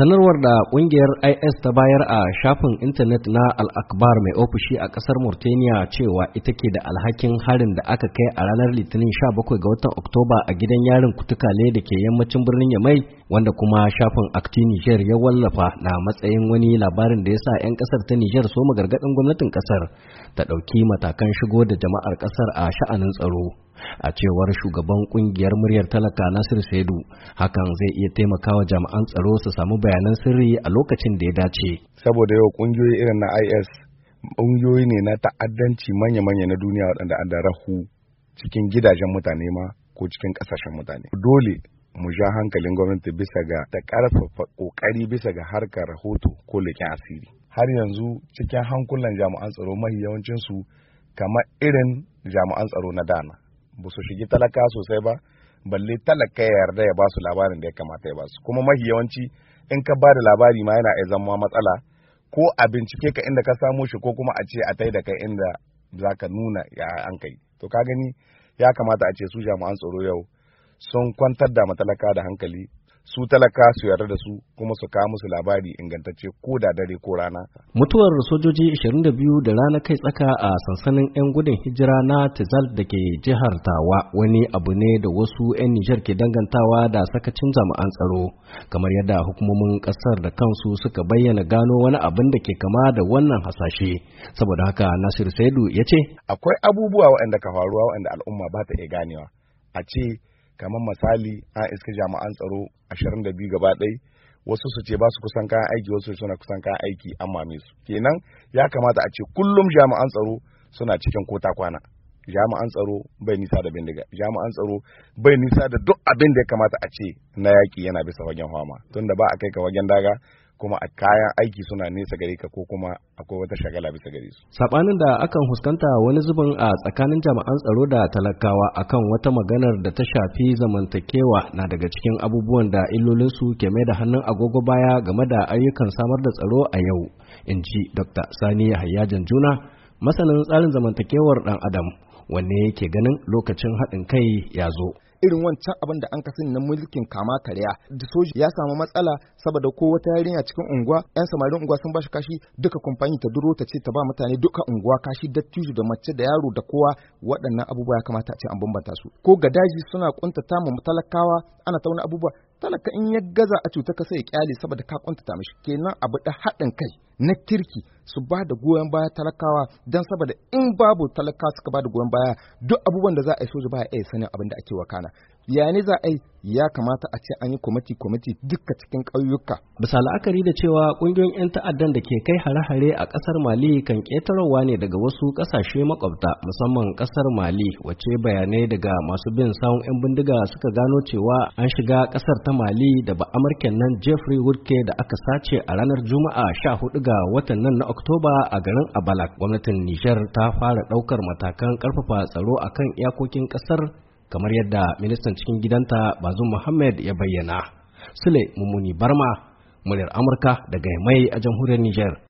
sanarwar da kungiyar is ta bayar a shafin intanet na al'akbar mai ofishi a kasar mauritania cewa ita ke da alhakin harin da aka kai a ranar litinin 17 ga watan oktoba a gidan yarin kutukale da ke yammacin birnin yamai wanda kuma shafin akti niger ya wallafa na matsayin wani labarin da ya sa 'yan kasar ta niger so magargadin gwamnatin kasar ta ɗauki matakan shigo da jama'ar kasar a sha'anin tsaro a cewar shugaban kungiyar muryar talaka nasir saidu hakan zai iya taimakawa jami'an tsaro su samu bayanan sirri a lokacin da ya dace saboda yau kungiyoyi irin na is ƙungiyoyi ne na ta'addanci manya-manya na duniya waɗanda an da rahu cikin gidajen mutane ma ko cikin ƙasashen mutane dole mu ja hankalin gwamnati bisa ga Ta ƙarfafa ƙoƙari bisa ga harkar rahoto ko leƙen asiri har yanzu cikin hankulan jami'an tsaro mahi yawancinsu kamar irin jami'an tsaro na dana ba su shigi talaka sosai ba balle talaka ya yarda ya ba su labarin da ya kamata ya ba su kuma mahi yawanci in ka ba da labari ma yana zama matsala ko a bincike ka inda ka samo shi ko kuma a ce a tai da kai inda za ka nuna ya an kai to ka gani ya kamata a ce su jami'an tsaro yau sun kwantar da matalaka da hankali su talaka su yarda da su kuma su kawo musu labari ingantacce ko da dare ko rana. Mutuwar sojoji 22 da rana kai tsaka a sansanin 'yan gudun hijira na Tizal da ke jihar Tawa wani abu ne da wasu 'yan Nijar ke dangantawa da sakacin jami'an tsaro kamar yadda hukumomin ƙasar da kansu suka bayyana gano wani abin da ke kama da wannan hasashe saboda haka Nasir Saidu ya ce akwai abubuwa waɗanda ka faruwa waɗanda al'umma ba ta iya ganewa a ce kamar misali an iska jami'an tsaro 22 gaba ɗai wasu su ce ba su kusan kayan aiki wasu suna kusan kayan aiki an mame su kenan ya kamata a ce kullum jami'an tsaro suna cikin kota kwana jami'an tsaro bai nisa da bindiga jami'an tsaro bai nisa da duk abin da ya kamata a ce na yaƙi yana bisa wajen hama tunda ba a kai ka wajen daga kuma a kayan aiki suna nesa gare ka ko kuma akwai wata shagala bisa gare su. Sabanin da akan huskanta wani zubin a tsakanin jami'an tsaro da talakawa akan wata maganar da ta shafi zamantakewa na daga cikin abubuwan da illolinsu ke mai da hannun agogo baya game da ayyukan samar da tsaro a yau. In ji Dr. Sani Hayyajan Juna, masanin tsarin zamantakewar ɗan Adam, wanne yake ganin lokacin haɗin kai ya zo. irin wancan abin da an kasin na mulkin kama karya da soji ya samu matsala saboda ko wata yarinya cikin unguwa yan samarin unguwa sun bashi kashi duka kumfani ta duro ta ce ta ba mutane duka unguwa kashi dattijo da mace da yaro da kowa waɗannan abubuwa ya kamata a ce an bambanta su ko gadaji suna kuntata mu talakawa ana ta wani abubuwa talaka in ya gaza a cuta ka sai kyale saboda ka kwantata mishi kenan abu da haɗin kai na kirki su ba da goyon baya talakawa don saboda in babu talaka suka ba da goyon baya duk abubuwan da za a yi soja baya iya sanin abin da ake wakana ya ne za a yi ya kamata a ce an yi kwamiti kwamiti duka cikin ƙauyuka. Bisa la'akari da cewa ƙungiyoyin 'yan ta'addan da ke kai hare-hare a ƙasar Mali kan ƙetarowa ne daga wasu ƙasashe makwabta musamman ƙasar Mali wacce bayanai daga masu bin sawun 'yan bindiga suka gano cewa an shiga ƙasar ta Mali da ba Amurken nan Jeffrey Woodke da aka sace a ranar Juma'a sha hudu ga watan nan na Oktoba a garin Abalak. Gwamnatin Nijar ta fara ɗaukar matakan ƙarfafa tsaro akan iyakokin ƙasar kamar yadda ministan cikin gidanta bazum muhammed ya bayyana sule mummuni barma muryar amurka daga mai a jamhuriyar niger